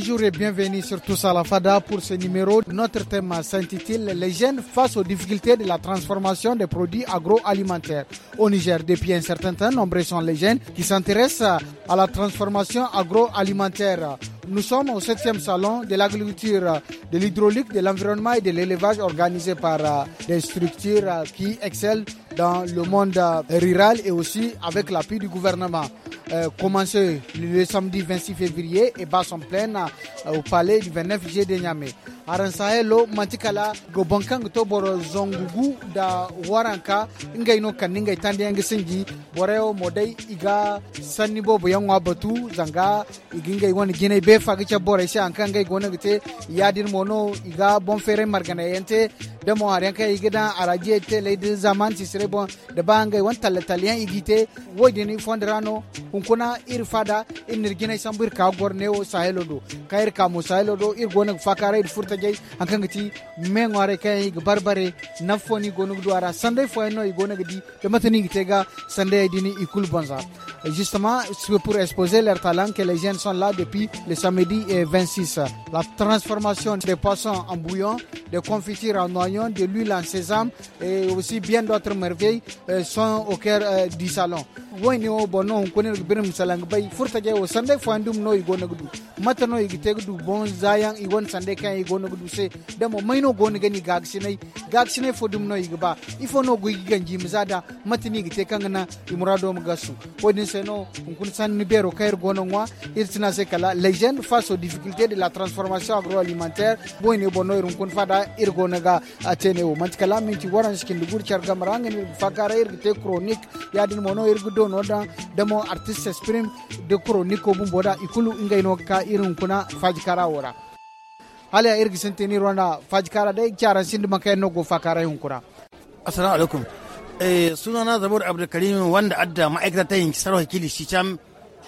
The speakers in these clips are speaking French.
bonjour et bienvenue sur Tous à la Fada pour ce numéro. Notre thème s'intitule Les jeunes face aux difficultés de la transformation des produits agroalimentaires. Au Niger, depuis un certain temps, nombreux sont les jeunes qui s'intéressent à la transformation agroalimentaire. Nous sommes au 7e salon de l'agriculture, de l'hydraulique, de l'environnement et de l'élevage organisé par euh, des structures euh, qui excellent dans le monde euh, rural et aussi avec l'appui du gouvernement. Euh, le samedi 26 février et bas en pleine euh, au palais du 29 juillet de Niamey. aran Matikala, mantikala zongugu da waranka Ngaino no ngai tande boreo Modei, iga sanni bobo zanga iginga woni be fagicha bore ankan ngai yadir mono iga Bonferre, margane da mo aren kai gidan araje te le de zaman si sere bon da bangai wan tal talian igite wodi ni fondrano kun kuna ir fada in nirgina sambir ka gorne o sahelo do kair ka mo sahelo do ir gonak fakara ir furta jai me kai barbare nafoni gonuk duara sande fo eno igonak di matani sande dini ikul bonza justement pour exposer leur talent que les jeunes sont là depuis le samedi 26 la transformation des poissons en bouillon des confitures en noyau l'oignon, de l'huile en sésame et aussi bien d'autres merveilles euh, sont au cœur euh, du salon. woni o bonno on koni birim salang bay furta je o sande fandum no i gona gudu mata no i gudu bon zayan i won sande kan i gona gudu se demo mayno gona gani gagsinai gagsinai fodum no i gba ifo no go i ganji mzada matini gite kan na i murado mu gasu woni se no kun san ni bero kair gona ngwa irtina se kala legend face aux difficultés de la transformation agroalimentaire woni bonno on kun fada ir gona ga atene o manti kala minti waran skin lugur char gam rangen fakara ir te chronique ya din mono ir gudo no da demo artiste esprim de chronique ko bumboda ikulu ingai no ka irin kuna fajkara wora hala ir gisenteni rona fajkara dai charan sindi makai no go fakara kura assalamu alaikum eh sunana zabur abdulkarim wanda adda ma'aikata ta yin sarwa kili shi can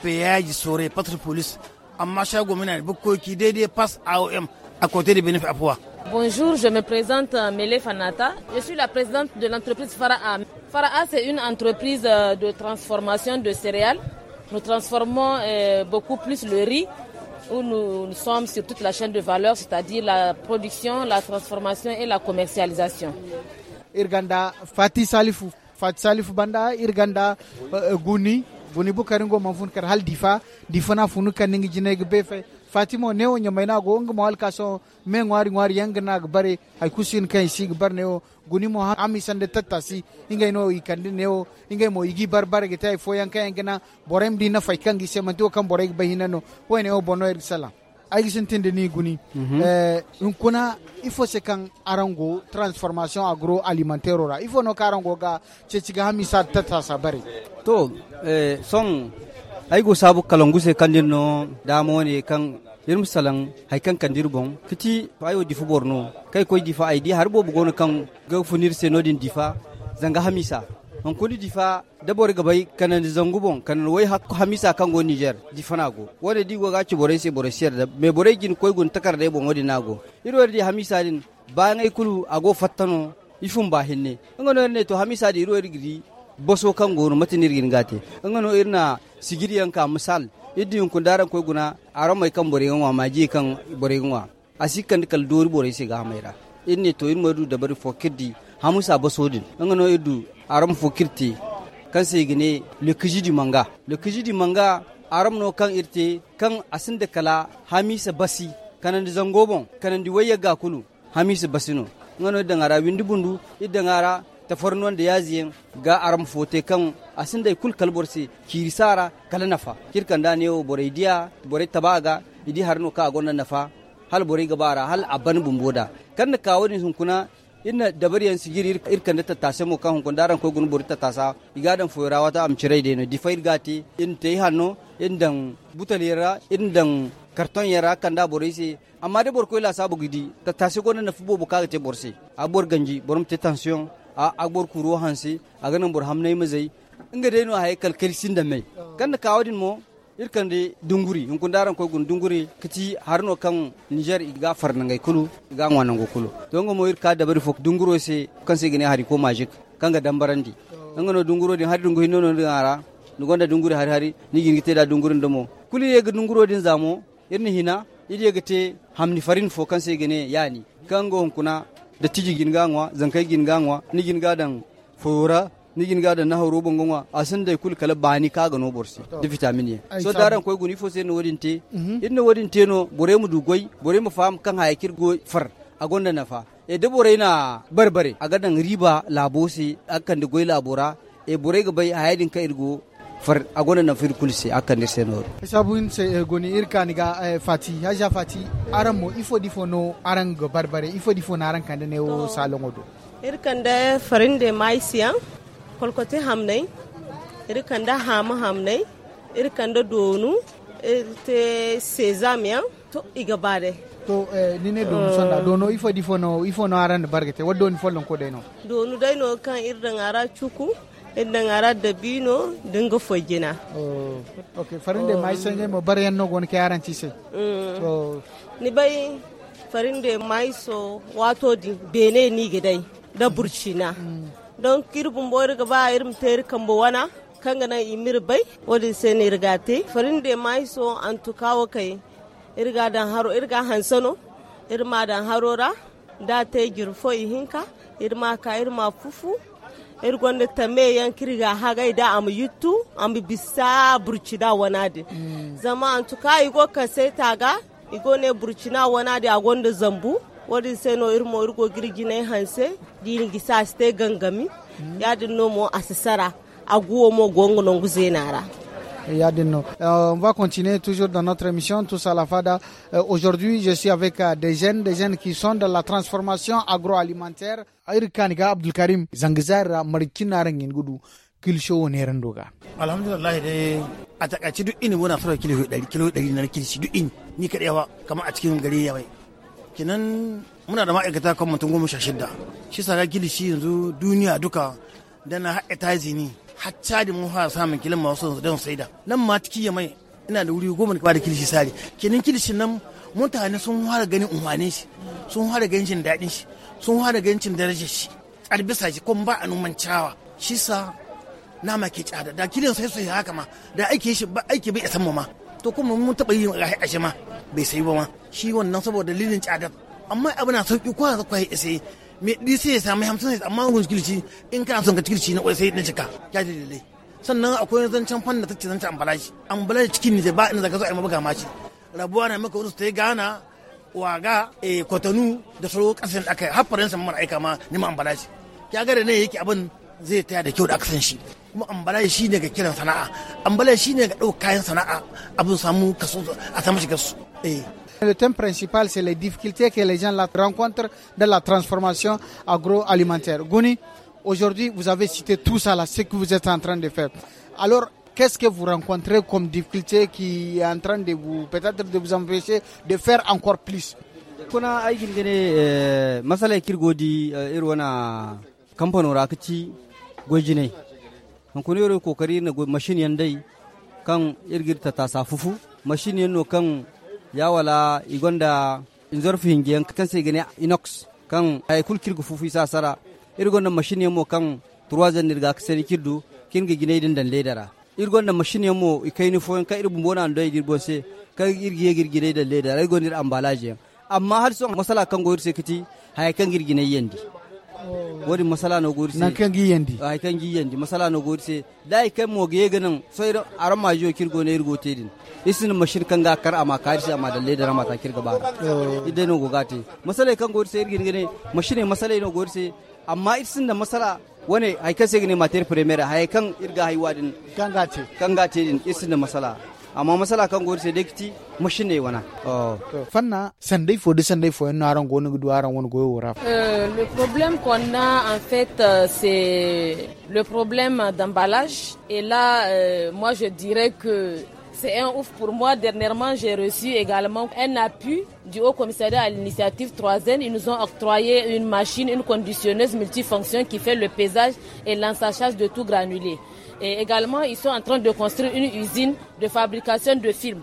peyaji sore patrol police amma shago mina da bukkoki daidai pass aom a kote da benefit afuwa Bonjour, je me présente euh, Mele Fanata. Je suis la présidente de l'entreprise Faraha. Faraha, c'est une entreprise euh, de transformation de céréales. Nous transformons euh, beaucoup plus le riz où nous, sommes sur toute la chaîne de valeur, c'est-à-dire la production, la transformation et la commercialisation. Irganda Banda, Irganda fatimo neo nyamainago onge mawal kaso me ngwari ngwari yangnag bare hay kusin kan sig bar neo gunimo ami sande tatta si inga ino ikande neo inga mo igi bar bar gete ay foyan kan borem dina fay kan gi semanto kan bore gi bahinano wene o bono er sala ay gisin tinde ni guni mhm. eh kuna ifo se kan arango transformation agro agroalimentaire ora ifo no karango ga checiga hami sa tatta bare to eh song ay go sabu kalonguse kandinno damo ne kan yirum salan hay kan kandir bon kiti fayo difu borno kai koy difa ay di har bo bugon kan ga funir se nodin difa zanga hamisa on kodi difa dabor gabai kanan zangu bon kanan wai hakko hamisa kan go niger difanago. nago wode di go ga ci bore se bore sier da me bore gin koy gun takarda bon wodi nago irwar di hamisa din ba ngai kulu ago fattano ifum ba hinne ngono ne to hamisa di irwar gidi boso kan gonu matinir gati gate ngano irna sigiriyan ka misal iddi kun kundaran koy guna aron mai kan bore wa maji kan bore wa asikan kal dori bore se ga maira inni to in du da bari fokirdi hamusa basodin ngano iddu aron fokirti kan sai gine le kijidi manga le kijidi manga aron no kan irte kan asin da kala hamisa basi kanan di zangobon kanan di wayya ga kulu hamisa basino ngano dangara windu bundu idangara tafarnuwan da yaziyen ga aram fote kan asin da kul kalborse kirisara kala nafa kirkan da ne bore dia bore tabaga idi nuka ka gonna nafa hal bore gabara hal aban bumboda kan na kawo ni sun kuna inna dabar yan sigiri irkan da tattase mu kan hukun daran ko gun buri tattasa igadan foyrawa ta amcire da ne difair gati in tayi hanno in dan yara in dan karton yara kan da si amma da borko ila sabu gidi tattase gona na fubo kaga te borse a bor ganji borum te tension a agbor kuro hansi yi bor in ga dai deno hay kalkal da mai oh. kan kawadin mo irkan de dunguri in kun daran ko gun dunguri kiti n'o kan Niger iga farnan ngai kulu ga wannan go kulu don mo irka da bari fok dunguro se kan se gine hari ko magic kan ga dambarandi oh. ga gano dunguro din har dungu hinno din ara ni gonda dunguri hari hari ni gin gite da dungurin mo kuli ye dunguro din zamo irni hina idi ye gite hamni farin fo kan se gine yani kan go kuna da tiji gin gangwa zankai gin gangwa ni gin gadan fura ni gin gadan na horo bongon wa asin dai kul kala bani ka ga no borsi da vitamin ye so daran koy guni fo sen wodin te mhm. in no wodin te no bore mu dugoi bore mu fam kan hayakir go far a gonda nafa e de bore na barbare a gadan riba labosi akan da goi labora e bore ga bai hayadin ka irgo far agona na fir kulse akande senor sabun se eh, goni irkaniga eh, fati haja fati aramo ifo difono arang barbare ifo difono arang kande ne o salongodo irkanda farinde maisiya kolkote hamnai irkanda hama hamnai irkanda donu irte sesamiya to igabade to eh, nine donu sonda eh. dono ifo difono ifono arande bargete wadoni follon ko dayno donu dayno kan irdan ara cuku idan ara da bino dinga fogina oh, ok da mai senge mo bariyan no gon ke aran cise mm. oh. ni bai farin da mai so wato di bene ni gidai da burcina mm. don kirbun boyar gaba irin tayar kan wana kanga na imir bai wadin sai ne rigate da mai so an kawo kai irga dan haro irga hansano irma dan harora da ta girfo ihinka irma ka irma fufu ta tame yan kirga hagai da am yuttu am bisa burcida wanadi mm. zama an tuka igo ka sai taga igo ne burcina wanadi a gonda zambu wadi sai irmo irgo girgine hanse dini gisa ste gangami mm. yadin no mo asasara aguwo mo gongo nongu Yadino. Euh, on va continuer toujours dans notre émission Tous à la Fada. Euh, aujourd'hui, je suis avec euh, des jeunes, des jeunes qui sont dans la transformation agroalimentaire. Ayrkaniga Abdul Karim Zangzara Marikina Gudu. kilsho wani doga. Alhamdulillah dai a takaice duk ini muna fara kilo ɗari kilo ɗari na kilshi duk ini ni kaɗai yawa kamar a cikin gari ya mai. Kinan muna da ma'aikata kan mutum goma sha shida. Shi sa ga kilishi yanzu duniya duka dana haɗa tazi ne. hatta da mun fara samun kilin masu don saida nan ma tiki ya mai ina da wuri goma da kilishi sari kenan kilishin nan mutane sun fara ganin umarnin shi sun fara ganin jin daɗin shi sun fara ganin jin darajar shi tsarbisa shi kuma ba a numan cawa shi sa nama ke tsada da kilin sai sai haka ma da aiki shi ba aiki bai san mu ma to kuma mun taɓa yin rahi a ma bai sai ba ma shi wannan saboda dalilin tsada amma abu na sauki ko za ku yi sai me sai ya samu hamsin amma gun kilci in kana son ka kilci na kwai sai na cika ya dalilai sannan akwai zancen fannin ta ce zancen ambalaji ambalaji cikin ne ba ina zaka zo a mabuga mace rabuwa na maka wani su ta yi gana waga e eh, kotonu da sauran kasan aka har faransa mara aika ma neman ambalaji ya ga da ne yake abin zai taya da kyau da aka san shi kuma ambalaji shine ga kiran sana'a ambalaji shine ga ɗaukar kayan sana'a abin samu kaso a samu shi su eh Le thème principal, c'est les difficultés que les gens rencontrent dans la transformation agroalimentaire. Gouni, aujourd'hui, vous avez cité tout ça, là, ce que vous êtes en train de faire. Alors, qu'est-ce que vous rencontrez comme difficulté qui est en train de vous, peut-être de vous empêcher de faire encore plus eh, ya wala igonda inzorfi hingiyan kan sai gane inox kan ay kulkir kirgu fi sasara sara irgonda machine mo kan turwazan nirga kasani kirdu gi gine din dan ledara irgonda machine mo ikaini foyen ka irbu bona ndo irbo se ka irgiye girgine dan ledara irgonir ambalaje amma har so masala kan goyir sekiti hay kan girgine yendi Oh. wodi masala no gori se kan giyandi yandi ay kan giyandi masala no gori se dai kan mo ge ganan so ido aran ma jo kirgo ne irgo tedin isin mashin kan ga kar ama kari ama dalle da ramata kirga ba oh. idan no te masala kan gori se irgin gane mashin masala no gori se amma isin da masala wane ai kan se gane mater premier hay kan irga hay wadin kan gace kan gace din isin da masala wana oh. fanna euh, le problème qu'on a en fait euh, c'est le problème d'emballage et là euh, moi je dirais que c'est un ouf pour moi. Dernièrement, j'ai reçu également un appui du Haut Commissariat à l'initiative 3N. Ils nous ont octroyé une machine, une conditionneuse multifonction qui fait le pesage et l'ensachage de tout granulé. Et également, ils sont en train de construire une usine de fabrication de films.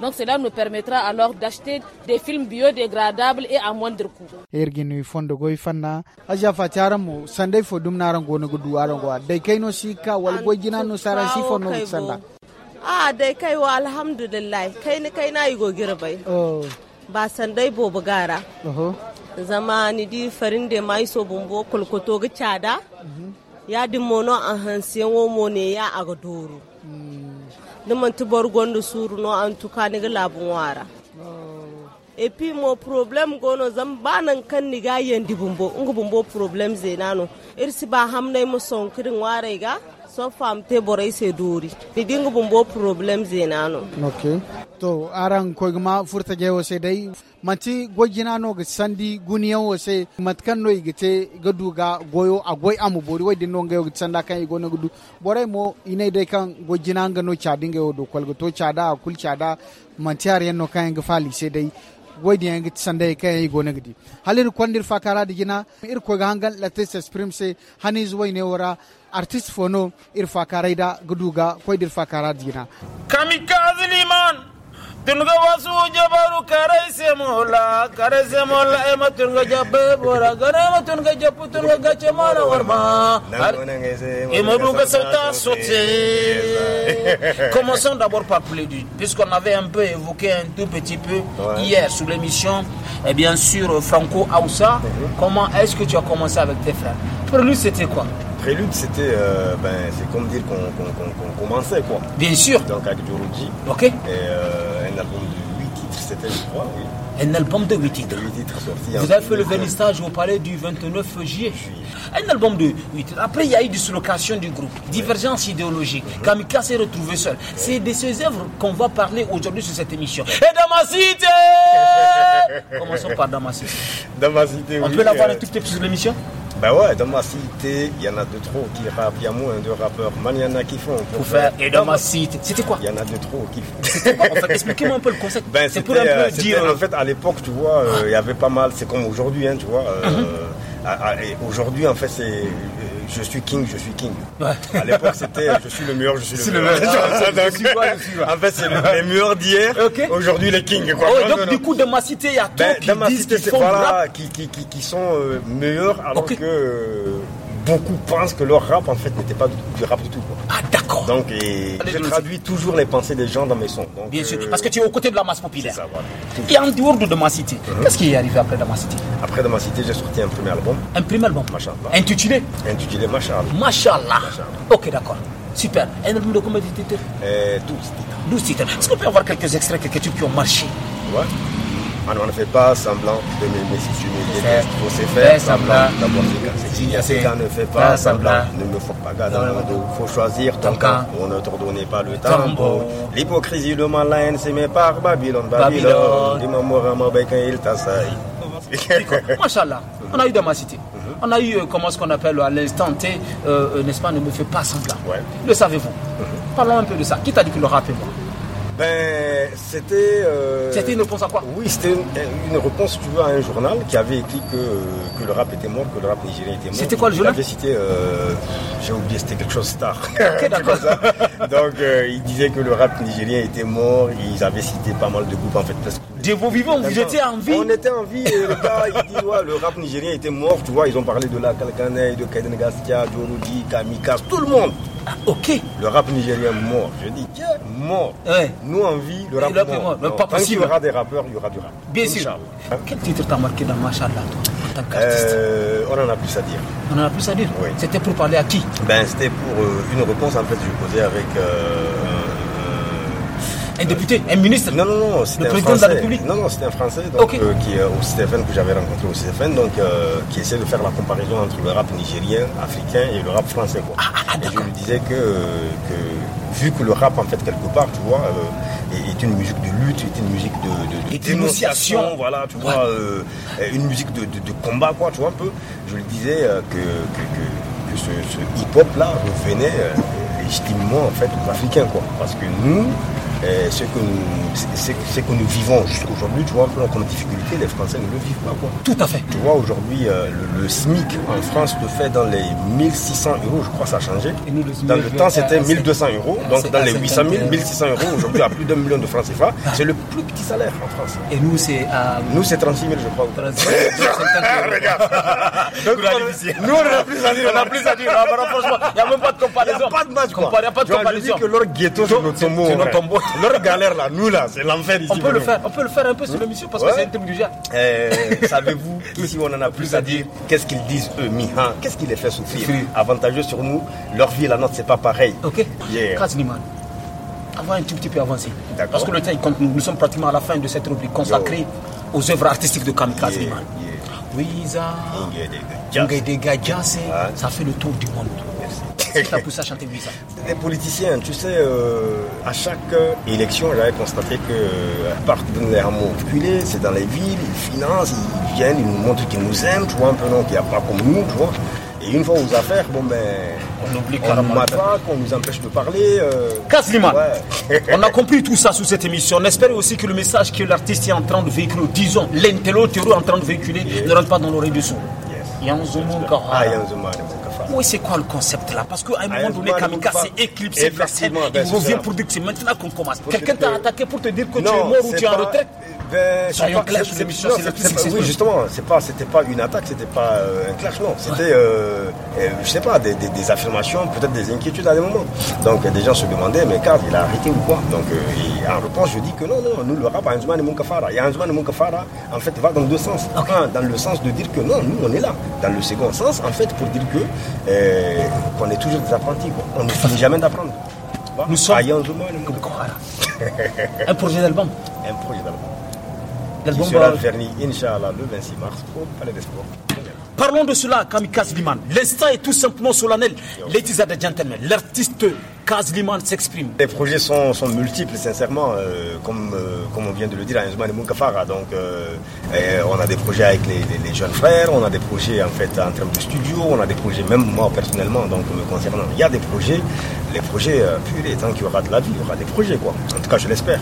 Donc cela nous permettra alors d'acheter des films biodégradables et à moindre coût. Erginu fondo goy fanna aja fatara mu sandai fo dum naran go no gudu aran go dai kai no sika wal go jina no saran si fo no sanda. Ah dai kai wa alhamdulillah kai ni kai na yi go girbai. Oh. Ba sandai bo bugara. Oho. Zama di farin de mai so bumbo kolkoto ga cada. Mm ya dimmono an hansiyan womo ne ya aga doro niman ti bor suru no an tuka ni ga labin wara oh. epi mo problem gono ba banan kan ni ga yan dibumbo ngu bumbo zai nano irsi ba mu son kirin wara ga so fam te borai se duri didinga bumbo problem zenano okay to aran ko ma furta je wo se dai manti gojina no ga sandi guniyan wo se matkan no igite ga duga goyo a goy amu bori wai dinno ga yogi sanda kan igo na gudu borai mo inai dai kan gojina ga no chadinga yo do kwalgo to chada kul chada manti ar yanno kan ga fali se dai wadi yang git sande ka yi gona gidi halir kwandir fakara digina ir ko ga hangal supreme se haniz wai ne wora artiste fono irfa karaida guduga koy dirfa karadina kamikaze liman tunga wasu jabaru karai mola karai mola e ma tunga jabbe bora gara ma tunga jabbu tunga gache mala warma et ma sauta sauté commençons d'abord par Plédude puisqu'on avait un peu évoqué un tout petit peu ouais. hier sur l'émission et bien sûr Franco Aoussa mhm. comment est-ce que tu as commencé avec tes frères pour lui c'était quoi prélude, c'était euh, ben, c'est comme dire qu'on commençait quoi. Bien sûr. Donc avec Djouroudji. Ok. Et euh, un album de 8 titres, c'était je crois, oui. Un album de 8 titres. Vous avez fait le vernissage au palais du 29 juillet. Un album de 8 titres. Après, il y a eu dislocation du groupe, divergence idéologique. Mm Kamika s'est retrouvé seul. C'est de ces œuvres qu'on va parler aujourd'hui sur cette émission. Et cité. Commençons par Damasite. oui. On oui, peut l'avoir euh... tout petit sur l'émission ben ouais, dans ma cité, il y en a de trop qui rappent, il y a moins de rappeurs. mais il y en a qui font. Pour, faire, et dans ma cité. C'était quoi Il y en a de trop qui font. Expliquez-moi un peu le concept. Ben, c'est pour un peu euh, dire. Euh, en fait, à l'époque, tu vois, euh, il y avait pas mal. C'est comme aujourd'hui, hein, tu vois. Mhm. Aujourd'hui, en fait, c'est je suis king, je suis king. À l'époque, c'était je suis le meilleur, je suis le meilleur. En fait, c'est les meilleurs d'hier, aujourd'hui les kings. Quoi. Oh, donc, du coup, dans ma cité, il y a ben, qui ma disent cité, qu'ils Qui, qui, qui, sont euh, meilleurs alors que euh, beaucoup pensent que leur rap, en fait, n'était pas du, rap du tout. Quoi. Ah, donc, je traduis toujours les pensées des gens dans mes sons. Bien sûr, euh, parce que tu es aux côtés de la masse populaire. Et en dehors de ma mm qu'est-ce qui est arrivé après City Après City, j'ai sorti un premier album. Un premier album Machallah. Intitulé Intitulé Machallah. Machallah. Ok, d'accord. Super. Un album de de euh, titres 12 titres. 12 titres. Est-ce qu'on peut avoir quelques extraits, quelques tu qui ont marché Ouais. Ah on ne fait pas semblant de me, si tu faut se faire semblant d'abord c'est quand ne fait pas semblant ne me faut pas garder Il faut choisir ton camp on ne te redonne pas le tambour l'hypocrisie le malin c'est mes par Babylone Babylone dis-moi moi quand il t'assaille Machallah, on a eu dans ma cité. Mhm. On a eu, euh, comment ce qu'on appelle à l'instant T, euh, euh, n'est-ce pas, ne me fait pas semblant. Le savez-vous mhm. Parlons un peu de ça. Qui t'a dit que le rap ben, c'était. Euh, c'était une réponse à quoi Oui, c'était une, réponse, tu vois, à un journal qui avait écrit que, que le rap était mort, que le rap nigérien était mort. C'était quoi le journal cité, euh, j'ai oublié, c'était quelque chose star. d'accord. Donc, euh, il disait que le rap nigérien était mort, ils avaient cité pas mal de groupes, en fait, de vos vivants, vous étiez en vie. On était en vie. Et euh, le gars, il dit, le rap nigérien était mort. Tu vois, ils ont parlé de la Kalkanei, de Kaiden Gaskia, Rudi Kamikaze, tout le monde. Ah, ok. Le rap nigérien mort. Je dis, mort. Nous en vie, le rap, pas possible. il y aura des rappeurs, il y aura du rap. Bien sûr. Quel titre t'a marqué dans Machallah, toi, en euh, On en a plus à dire. On en a plus à dire oui. C'était pour parler à qui Ben, c'était pour euh, une réponse, en fait, je posais avec. Un député Un ministre Non, non, Le un président de la République Non, non, c'était un Français euh, qui, euh, au que j'avais rencontré au Stéphane, donc, euh, qui essaie de faire la comparaison entre le rap nigérien, africain et le rap français. Quoi. Ah, ah, ah, et je lui disais que, vu que le rap, en fait, quelque part, tu vois, est, une musique de lutte, est une musique de, dénonciation, voilà, tu vois, une musique de, combat, quoi, tu vois, un peu. Je lui disais que, ce, hip-hop-là revenait légitimement, en fait, aux Africains, quoi. Parce que nous, euh, ce, que nous, ce, ce que vivons jusqu'aujourd'hui, tu vois, comme difficulté, les Français ne le vivent pas. Quoi. Tout à fait. Tu vois, aujourd'hui, euh, le, SMIC en France te fait dans les 1600 euros, je crois, ça a changé. Et nous, dans le temps, euh, c'était 1200 euros. Donc, dans les 800 000, 1600 euros, aujourd'hui, à plus d'un million de francs CFA, ah. c'est le plus petit salaire en France. Et nous, c'est. À... Nous, c'est 36 000, je crois. 36 000, ah, Regarde. nous, on n'a plus à dire. On n'a plus à dire. Ah, bah, franchement, il n'y a même pas de comparaison. Il n'y a pas de match. Il n'y a pas de comparaison. que leur ghetto, c'est notre tombeau leur galère là, nous là, c'est l'enfer ici. On peut, le faire, on peut le faire un peu sur hein? l'émission parce que c'est un thème du genre. Euh, Savez-vous si on en a plus à dire Qu'est-ce qu'ils disent eux, Miha Qu'est-ce qui les fait souffrir Avantageux sur nous, leur vie et la nôtre, c'est pas pareil. Ok yeah. Avoir un tout petit peu avancé. Parce que le temps il compte, nous, sommes pratiquement à la fin de cette rubrique consacrée aux œuvres artistiques de Kamikaze yeah. yeah. ça fait le tour du monde. Les politiciens, tu sais, euh, à chaque élection, j'avais constaté que euh, partenairement reculé, c'est dans les villes, ils financent, ils viennent, ils nous montrent qu'ils nous aiment, tu vois, un peu, non, qu'il n'y a pas comme nous, tu vois. Et une fois aux affaires, bon ben. On oublie on On nous empêche de parler. casse euh, on a compris tout ça sous cette émission. On espère aussi que le message que l'artiste est en train de véhiculer, disons, l'intello est en train de véhiculer, ne rentre pas dans l'oreille du son. Yes. Ah, oui, c'est quoi le concept là Parce qu'à un moment donné, Kamikaze s'est éclipsé la Il revient pour dire que c'est maintenant qu'on commence. Quelqu'un t'a attaqué pour te dire que tu es mort ou tu es en retraite eh ben, Soyons clash, Oui, justement, c'était pas une attaque, c'était pas euh, un clash, non. C'était, euh, euh, je sais pas, des, affirmations, peut-être des inquiétudes à des moments. Donc, des gens se demandaient, mais Kav, il a arrêté ou quoi Donc, en réponse, je dis que non, non, nous, le rap, y et Moukafara. Et de et Moukafara, en fait, va dans deux sens. Un, dans le sens de dire que non, nous, on est là. Dans le second sens, en fait, pour dire que euh, qu'on est toujours des apprentis. On ne finit jamais d'apprendre. Nous sommes comme Kohara. Un projet d'album Un projet d'album. L'album sera va... Inch'Allah, le 26 mars au Palais des Sports. Parlons de cela, Kamikaze Liman. L'instant est tout simplement solennel. Ladies and gentlemen, l'artiste Kazliman s'exprime. Les projets sont, multiples, sincèrement, euh, comme, euh, comme on vient de le dire à et Moukafara. Donc, euh, on a des projets avec les, jeunes frères, on a des projets en fait en termes de studio, on a des projets, même moi personnellement, donc me concernant, il y a des projets. Les projets, et tant qu'il y aura de la vie, il y aura des projets, quoi. En tout cas, je l'espère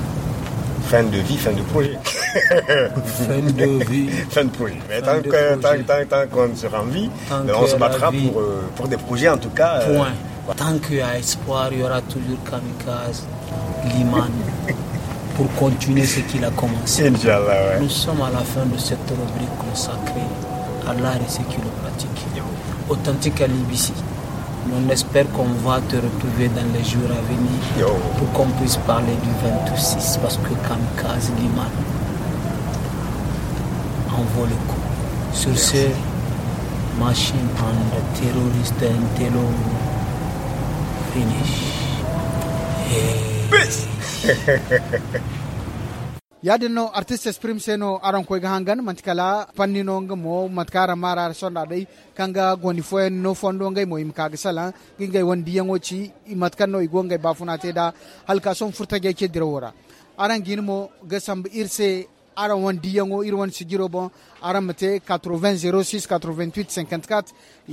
fin de vie, fin de projet. fin de vie. fin de projet. Mais tant, qu'on sera en vie, ben, on se battra euh, pour, des projets en tout cas. Euh, bah, tant qu'il y a espoir, il y aura toujours Kamikaze, Liman, pour continuer ce qu'il a commencé. Nous sommes à la fin de cette rubrique consacrée à l'art et ce qu'il Authentique à l'Ibissi on espère qu'on va te retrouver dans les jours à venir pour qu'on puisse parler du 26 parce que Kamikaze Liman envoie le coup. Sur ce, machine terroriste terroriste, terrorist finish. yaadannoo artist espriim seenoo arankoyga hangan mantikala panninonga mo mantika ramara sondaday kanga goni foenno fondongay mo imkaga sala gingay wandiyangoci imatkanno igongay bafunateda halka son furtage kedira wora arangin mo gasamba irse ara wan diyango ir wan sigiro bon ara mate 80 06 88 54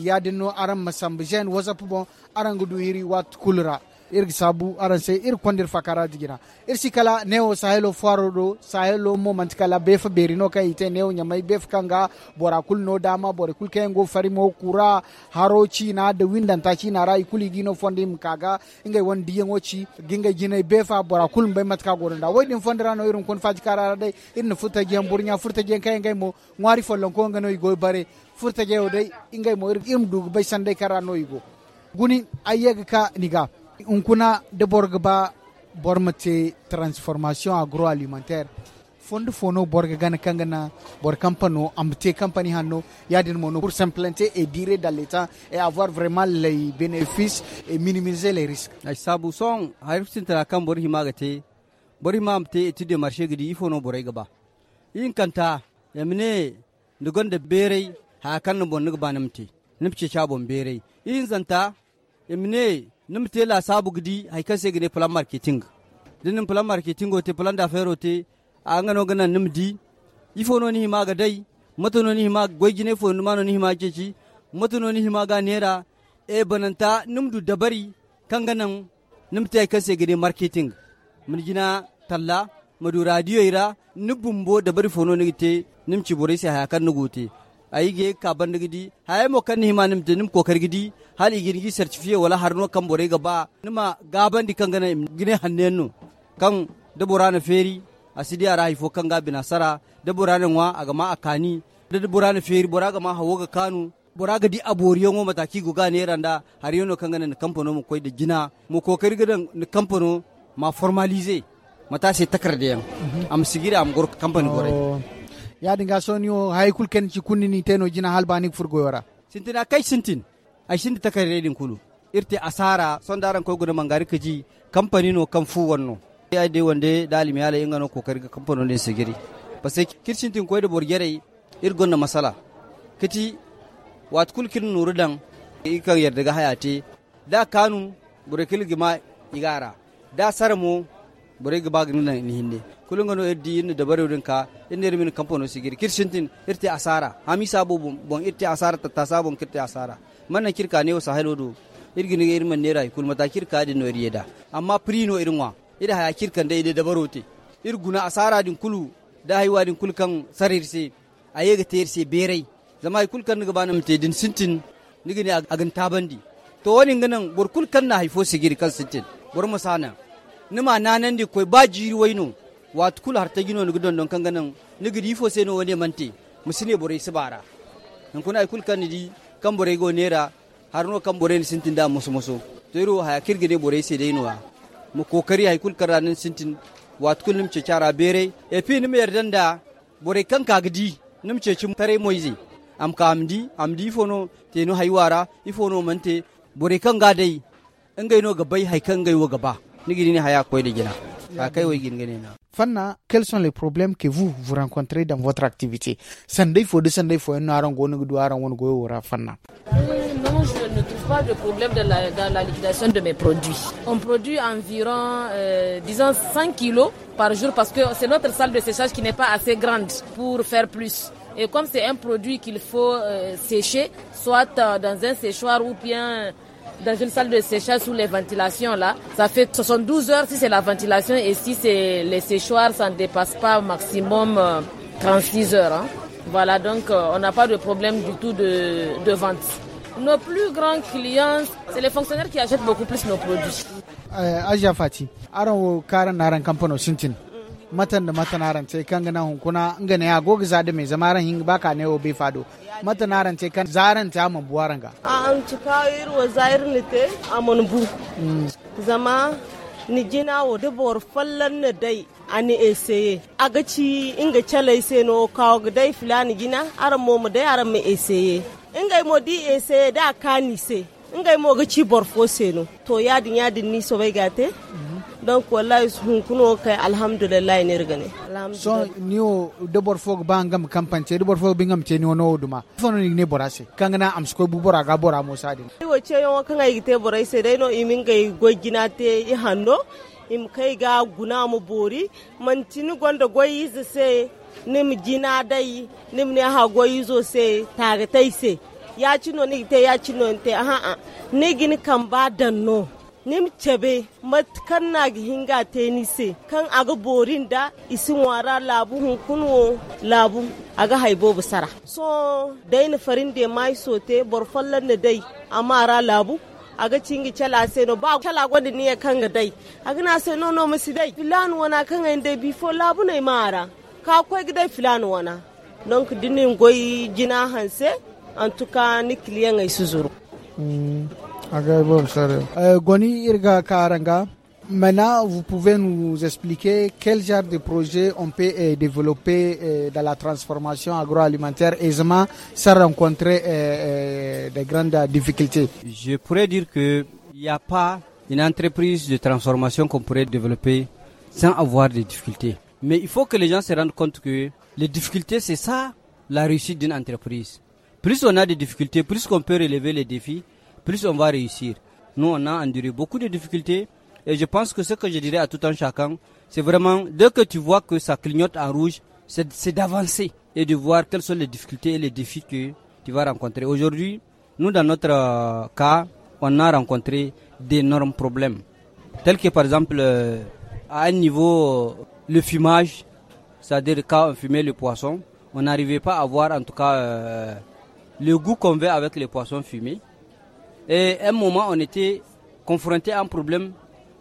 yadino ara masamba jen whatsapp bon ara ngudu hiri wat kulra irgi sabu aran se ir kondir fakara digina ir sikala neo sahelo foiro do sahelo mo mantikala befa berino ka ite neo nyamai bef kanga bora kul no dama bora kul kengo farimo kura haro chi na de windan ta chi na rai kuli gino fondim kaga inga won diengo chi ginga jine befa bora kul mbe matka goronda din fondira no irum kon faji karara de irna futa gem burnya furta gem kay ngay mo ngwari lon ko ngano yi goy bare furta jewo de ingay mo irum dug bay sande kara no yi go guni ayega ka niga Nkuna de Borgba Bormate Transformation Agroalimentaire. Fondo fono Borggana gana kangana bor kampano amte company hanno yadin mono pour s'implanter et durer dans l'état et avoir vraiment les bénéfices et minimiser les risques. Ay sabu son hayr sintara kan bor himagate bor himamte marché gidi ifono boray gaba. Yin kanta yamne ndugonde ha kan bon nugbanamte nimce chabon berey. Yin zanta nim te la sabu gidi hay kan segene plan marketing dinin plan marketing te plan da fero te anga no gana nim di ifo no ni ma ga dai mato no ni ma gine fo no no ni ma ke ci mato no ni ma ga nera e bananta nim du dabari kan ganan nim te kan segene marketing mun gina talla madu radio ira nubumbo dabari fo no ni te nim ci bore sai haya kan nugote ayige kabande gidi haye mo kan himanim nim denim ko kargidi gidi hal igin gi certifié wala harno kan bore ga ba nima di kan gana gine hannenu kan da borana feri asidi ara hifo kan ga binasara da borana wa aga ma akani da borana feri boraga ma hawo ga kanu boraga di aboriyo mo mataki go ga ne randa har yono kan gana kamfano mu koyi da gina mu ko kargidan gidan kamfano ma formaliser mata sai takarda mhm. am sigira am gor kamfani gore oh. yadi ga o hay kulken ci kunnini teno jina halbani yora sintina kai sintin ay sinti takarire din kulu irti asara sondaran ko gudu mangari kaji kampani no kan fu wonno ya de wande dalim yala inga ko kari ga kamfano ne sigiri que kirsintin ko da borgere irgon na masala kiti wat kulkin no nuru dan ikan yarda ga hayate da kanu burekil gima igara da sarmo bure gaba gnin nan hinde kulungano erdi inna dabare ka inna ermin kampono sigiri kirshintin irti asara hami sabo bon irti asara tatasa bon kirti asara manna kirka ne wasa halodo irgini irman nera kul mata kirka din no da. amma prino wa ida haya kirkan da ida te. irguna asara din kulu da haiwa din kulkan ga ayega se berai zama kulkan niga banam te din sintin niga ne agin tabandi to wani ganan bor kulkan na haifo sigiri kan sintin bor musana nima nanan di koi ba jiri waino wato kula harta gino nugu don don kanganan nugu di fo seno wani mante musine bore bara in kuna kul kan di kan bore go nera har no kan bore ni sintin da musu musu toiro haya kirgine bore sai dai nuwa mu kokari hay kul ni sintin wato kullum ce cara bere e fi nim yardan da bore kan ka gidi nim ce cim tare moizi am ka amdi amdi no te no haywara n'o mante bore kan ga dai in gaino gabai hay kan gaiwo gaba gidi ne haya koyi da gina ba kai wai gin gane na fanna quels sont les problèmes que vous vous rencontrez dans votre activité sandai il faut non, je ne trouve pas de problème la, dans la liquidation de mes produits. On produit environ, euh, disons, 100 kilos par jour parce que c'est notre salle de séchage qui n'est pas assez grande pour faire plus. Et comme c'est un produit qu'il faut euh, sécher, soit euh, dans un séchoir ou bien dans une salle de séchage sous les ventilations là, ça fait 72 heures si c'est la ventilation et si c'est les séchoirs, ça ne dépasse pas au maximum 36 euh, heures. Hein. Voilà, donc euh, on n'a pas de problème du tout de, vente. Nos plus grands clients, c'est les fonctionnaires qui achètent beaucoup plus nos produits. Euh, Fati, karan naran shintin. matan da matanaran ce kan gana hunkuna ngane ya gogi zade mai zama ran hinga baka ne obi fado matanaran ce kan zaran ta mun buwaran ga a an cika irwa zair lite a mun bu mm. zama ni jina wa de fallan na dai ani eseye a e gaci inga chala ise no kawo ga dai filani gina aran mo mu dai aran mu eseye inga mo di eseye da kanise inga mo ga ci fo seno to yadin yadin ni so bai gate mm. donc wallahi hun kuno kai alhamdulillah ne rigane so niwo dobor fog bangam kampance dobor fog bingam te niwo no duma fono ni ne borase kangana am sko bu bora ga bora mo sadi wo che yo kanga igite borai se dai no imin gai gogina te i hando im kai ga guna mu bori man tini gonda goyi ze se nim jina dai nim ne ha goyi zo se tare tai se ya ci no ni te ya ci no te aha ne gini kan ba danno nim chebe mat kan na hinga tenise kan aga borin da isin wara labu hun kunwo labu aga haibo busara so dai ni farin de mai sote bor fallan ne dai amara labu aga cingi cala se no ba cala gwadi ne kan ga dai aga na se no no musi dai filan wana kan ga dai before labu ne mara ka kwai gidai filan wana ku dinin goyi jina hanse an tuka cas ni Euh, Goni Irga Karanga, maintenant vous pouvez nous expliquer quel genre de projet on peut euh, développer euh, dans la transformation agroalimentaire aisément sans rencontrer de grandes difficultés. Je pourrais dire qu'il n'y a pas une entreprise de transformation qu'on pourrait développer sans avoir des difficultés. Mais il faut que les gens se rendent compte que les difficultés, c'est ça la réussite d'une entreprise. Plus on a des difficultés, plus on peut relever les défis, plus on va réussir. Nous, on a enduré beaucoup de difficultés et je pense que ce que je dirais à tout un chacun, c'est vraiment, dès que tu vois que ça clignote en rouge, c'est d'avancer et de voir quelles sont les difficultés et les défis que tu vas rencontrer. Aujourd'hui, nous, dans notre euh, cas, on a rencontré d'énormes problèmes, tels que par exemple, euh, à un niveau, euh, le fumage, c'est-à-dire quand on fumait le poisson, on n'arrivait pas à avoir en tout cas le goût qu'on veut avec les poissons fumés. Et à un moment, on était confronté à un problème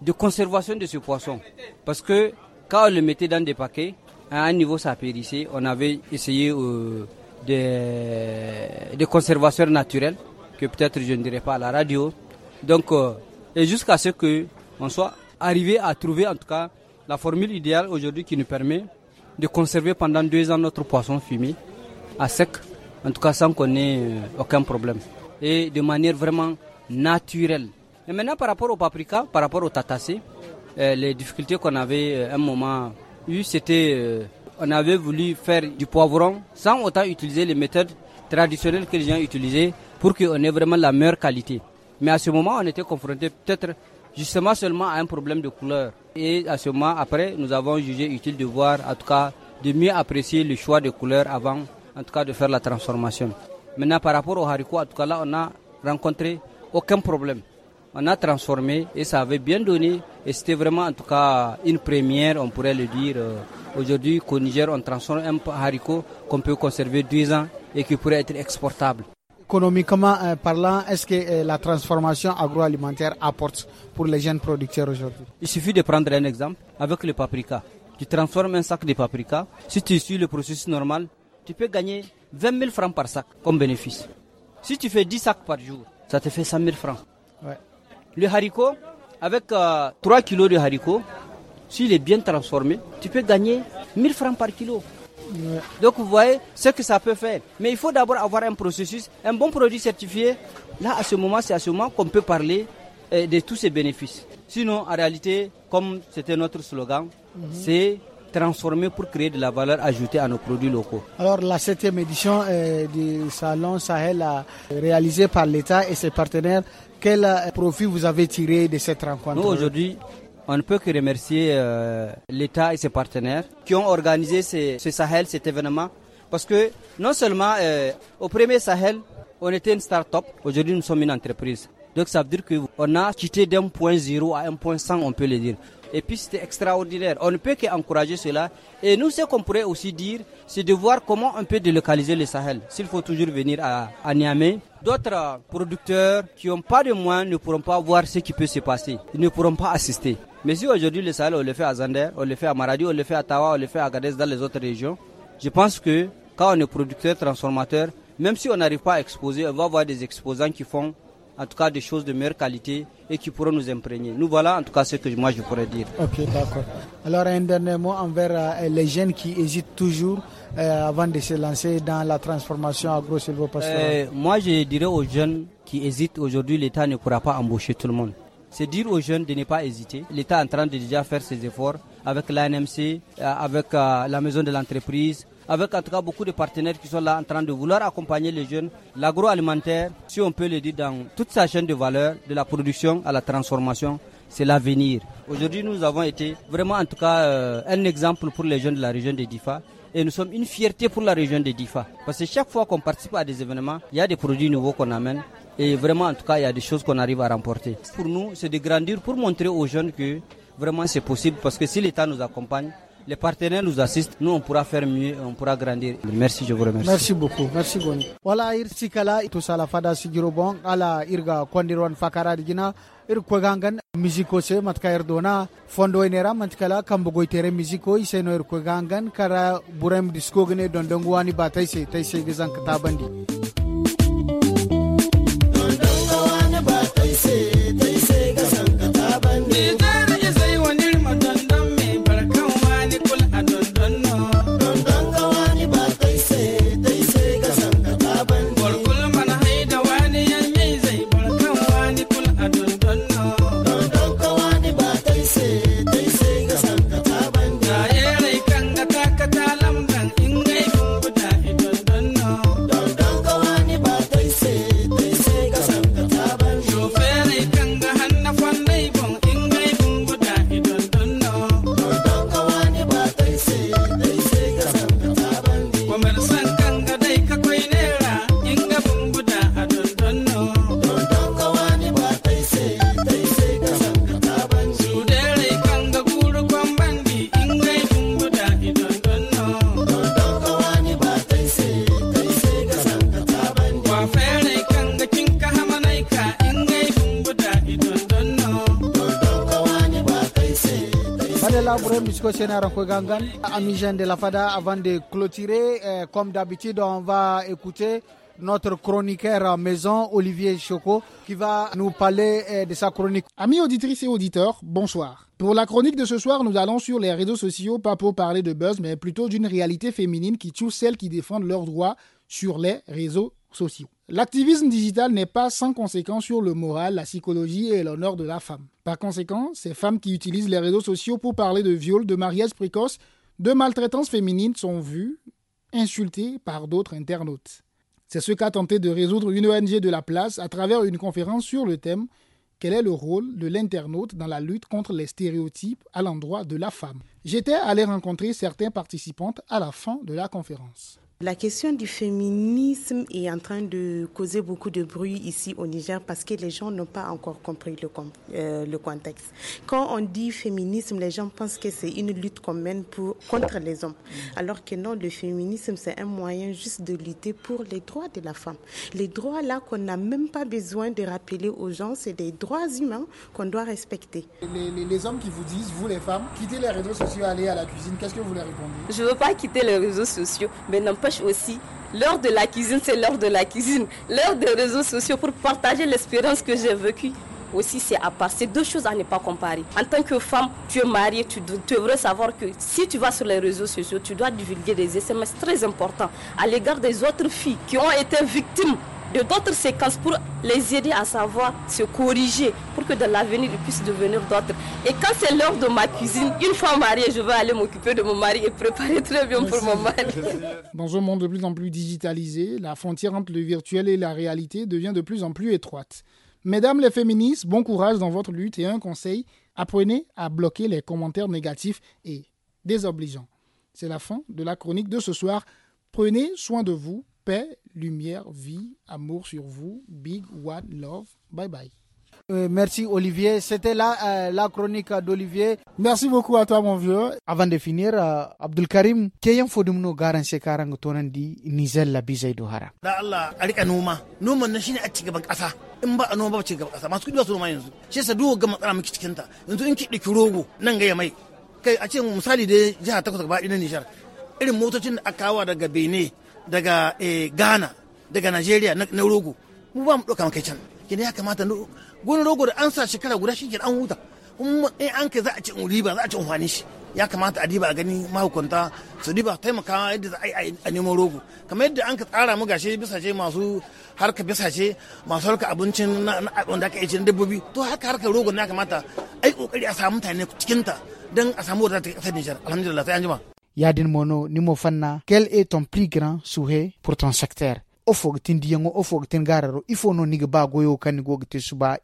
de conservation de ce poisson. Parce que quand on le mettait dans des paquets, à un niveau, ça périssait. On avait essayé euh, des, conservateurs naturels, que peut-être je ne dirais pas à la radio. Donc, euh, et jusqu'à ce qu'on soit arrivé à trouver en tout cas la formule idéale aujourd'hui qui nous permet de conserver pendant deux ans notre poisson fumé à sec, en tout cas sans qu'on ait euh, aucun problème et de manière vraiment naturelle. Et maintenant, par rapport au paprika, par rapport au tatassé, euh, les difficultés qu'on avait euh, un moment eu, c'était euh, on avait voulu faire du poivron sans autant utiliser les méthodes traditionnelles que les gens utilisaient pour qu'on ait vraiment la meilleure qualité. Mais à ce moment, on était confronté peut-être justement seulement à un problème de couleur. Et à ce moment, après, nous avons jugé utile de voir, en tout cas, de mieux apprécier le choix de couleur avant, en tout cas, de faire la transformation. Maintenant, par rapport au haricot, en tout cas, là, on n'a rencontré aucun problème. On a transformé et ça avait bien donné. Et c'était vraiment, en tout cas, une première, on pourrait le dire. Euh, aujourd'hui, qu'au Niger, on transforme un haricot qu'on peut conserver deux ans et qui pourrait être exportable. Économiquement euh, parlant, est-ce que euh, la transformation agroalimentaire apporte pour les jeunes producteurs aujourd'hui Il suffit de prendre un exemple avec le paprika. Tu transformes un sac de paprika. Si tu suis le processus normal, tu peux gagner 20 000 francs par sac comme bénéfice. Si tu fais 10 sacs par jour, ça te fait 100 000 francs. Le haricot, avec 3 euh, kilos de haricot, s'il est bien transformé, tu peux gagner 1000 francs par kilo. Donc vous voyez ce que ça peut faire. Mais il faut d'abord avoir un processus, un bon produit certifié. Là, à ce moment, c'est à ce moment qu'on peut parler euh, de tous ces bénéfices. Sinon, en réalité, comme c'était notre slogan, mhm. c'est transformer pour créer de la valeur ajoutée à nos produits locaux. Alors la septième édition euh, du Salon Sahel réalisé par l'État et ses partenaires, quel euh, profit vous avez tiré de cette rencontre aujourd'hui, on ne peut que remercier euh, l'État et ses partenaires qui ont organisé ce, Sahel, cet événement. Parce que non seulement au premier Sahel, on était une start-up, aujourd'hui nous sommes une entreprise. Donc ça veut dire qu'on a quitté d'un point zéro à un point cent, on peut le dire. Et puis c'était extraordinaire. On ne peut qu'encourager cela. Et nous, ce qu'on pourrait aussi dire, c'est de voir comment on peut délocaliser le Sahel. S'il faut toujours venir à, Niamey, d'autres producteurs qui n'ont pas de moyens ne pourront pas voir ce qui peut se passer. Ils ne pourront pas assister. Mais si aujourd'hui le Sahel, on le fait à Zander, on le fait à Maradi, on le fait à Tawa, on le fait à Gades dans les autres régions, je pense que quand on est producteur, transformateur, même si on n'arrive pas à exposer, on va avoir des exposants qui font en tout cas des choses de meilleure qualité et qui pourront nous imprégner. Nous voilà en tout cas ce que moi je pourrais dire. Ok, d'accord. Alors un dernier mot envers euh, les jeunes qui hésitent toujours euh, avant de se lancer dans la transformation agro-silvopastorale. Euh, moi je dirais aux jeunes qui hésitent aujourd'hui, l'État ne pourra pas embaucher tout le monde. C'est dire aux jeunes de ne pas hésiter. L'État est en train de déjà faire ses efforts avec l'ANMC, euh, avec la maison de l'entreprise, avec en tout cas beaucoup de partenaires qui sont là en train de vouloir accompagner les jeunes, l'agroalimentaire, si on peut le dire, dans toute sa chaîne de valeur, de la production à la transformation, c'est l'avenir. Aujourd'hui, nous avons été vraiment en tout cas euh, un exemple pour les jeunes de la région de Difa. Et nous sommes une fierté pour la région de Difa. Parce que chaque fois qu'on participe à des événements, il y a des produits nouveaux qu'on amène. Et vraiment, en tout cas, il y a des choses qu'on arrive à remporter. Pour nous, c'est de grandir pour montrer aux jeunes que vraiment c'est possible. Parce que si l'État nous accompagne, les partenaires nous assistent. Nous, on pourra faire mieux, on pourra grandir. Merci, je vous remercie. Merci beaucoup. Merci, Goni. Voilà, Irsikala, tout ça, la fada sigirobon, ala irga kondiron fakara Dina, irkwegangan, musico se, matka erdona, fondo enera, matkala, kambogoitere musico, iseno irkwegangan, kara burem Discogne, dondonguani bataise, taise gizan katabandi. bataise, taise gizan katabandi. cautionnaire Nkwegangan, amis de la FADA, avant de clôturer, eh, comme d'habitude, on va écouter notre chroniqueur à maison, Olivier Choco, qui va nous parler eh, de sa chronique. Amis auditrices et auditeurs, bonsoir. Pour la chronique de ce soir, nous allons sur les réseaux sociaux, pas pour parler de buzz, mais plutôt d'une réalité féminine qui touche celles qui défendent leurs droits sur les réseaux sociaux. L'activisme digital n'est pas sans conséquence sur le moral, la psychologie et l'honneur de la femme. Par conséquent, ces femmes qui utilisent les réseaux sociaux pour parler de viol, de mariages précoce, de maltraitances féminines sont vues, insultées par d'autres internautes. C'est ce qu'a tenté de résoudre une ONG de la place à travers une conférence sur le thème Quel est le rôle de l'internaute dans la lutte contre les stéréotypes à l'endroit de la femme J'étais allé rencontrer certains participantes à la fin de la conférence. La question du féminisme est en train de causer beaucoup de bruit ici au Niger parce que les gens n'ont pas encore compris le, euh, contexte. Quand on dit féminisme, les gens pensent que c'est une lutte qu'on mène contre les hommes. Alors que non, le féminisme, c'est un moyen juste de lutter pour les droits de la femme. Les droits là qu'on n'a même pas besoin de rappeler aux gens, c'est des droits humains qu'on doit respecter. Les, hommes qui vous disent, vous les femmes, quittez les réseaux sociaux, allez à la cuisine, qu'est-ce que vous leur répondez Je ne veux pas quitter les réseaux sociaux, mais pas aussi. L'heure de la cuisine, c'est l'heure de la cuisine. L'heure des réseaux sociaux pour partager l'expérience que j'ai vécue aussi, c'est à part. C'est deux choses à ne pas comparer. En tant que femme, tu es mariée, tu, devrais savoir que si tu vas sur les réseaux sociaux, tu dois divulguer des SMS très importants à l'égard des autres filles qui ont été victimes de d'autres séquences pour les aider à savoir se corriger pour que dans l'avenir ils puissent devenir d'autres. Et quand c'est l'heure de ma cuisine, une fois mariée, je vais aller m'occuper de mon mari et préparer très bien pour mon mari. Dans un monde de plus en plus digitalisé, la frontière entre le virtuel et la réalité devient de plus en plus étroite. Mesdames les féministes, bon courage dans votre lutte et un conseil, apprenez à bloquer les commentaires négatifs et désobligeants. C'est la fin de la chronique de ce soir. Prenez soin de vous, Paix, lumière, vie, amour sur vous. Big One Love. Bye bye. Euh, merci Olivier, c'était la euh, la chronique d'Olivier. Merci beaucoup à toi mon vieux. Avant de finir, euh, Abdul Karim, keyan fodum no garan se karan tonan di nizel la bizai do hara. Da Allah a rika noma, noman nan shine a cigaban kasa. In ba a noma ba cigaban kasa, masu kudi ba su noma yanzu. Shi sa duwa ga matsala miki cikin ta. Yanzu in ki diki rogo nan ga mai. Kai a ce misali attaqué jihar Takwas il ɗaya na Nijar. Irin motocin da aka kawo daga daga eh, ghana daga nigeria na rogo mu ba mu ɗauka makai can kina ya kamata gonar rogo da an sa shekara guda shi an huta kuma in an kai za a ci riba za a ci hwani shi ya kamata a diba a gani mahukunta su diba taimakawa yadda za a yi a neman rogo kamar yadda an ka tsara mu gashi bisashe masu harka bisashe masu harka abincin wanda aka yi dabbobi to haka harka rogo na kamata ai kokari a samu mutane cikinta don a samu wadata ta kasar Nijar alhamdulillah sai an jima yadin mono nimo fanna quel est ton plus grand souhait pour ton secteur il faut no ba goyo suba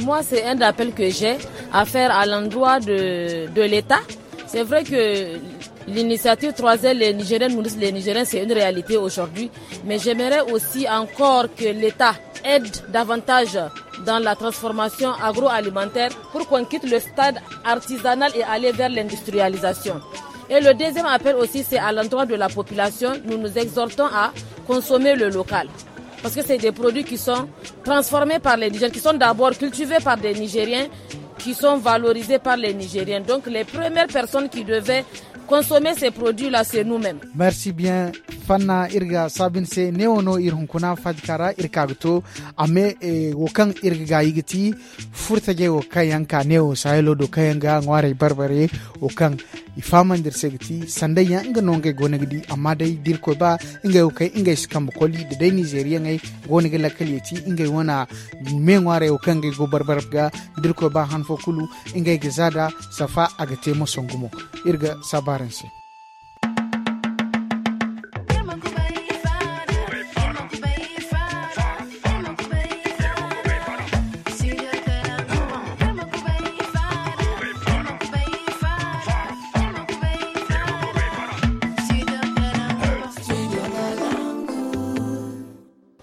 moi c'est un appel que j'ai à faire à l'endroit de de l'état c'est vrai que l'initiative 3 les Nigériens les Nigériens, c'est une réalité aujourd'hui. Mais j'aimerais aussi encore que l'État aide davantage dans la transformation agroalimentaire pour qu'on quitte le stade artisanal et aller vers l'industrialisation. Et le deuxième appel aussi, c'est à l'endroit de la population. Nous nous exhortons à consommer le local. Parce que c'est des produits qui sont transformés par les Nigériens, qui sont d'abord cultivés par des Nigériens, qui sont valorisés par les Nigériens. Donc les premières personnes qui devaient consommer ces produits-là, c'est nous-mêmes. Merci bien, fanna irga sabinse newono ir hunkuna fajkara irkagto ame e, wokan irgaga yigiti furtaje wokan yanka newo sayelo do kayanga ngware barbare wokan ifamandir segiti sanda ya inga nonge gonegdi amma dai dirko ba inga yokai inga iskam koli da dai nigeria ngai gonege lakali ti inga wana me ngware wokan ge go barbar dirko ba hanfo kulu inga gezada safa agate mo songumo irga sabarense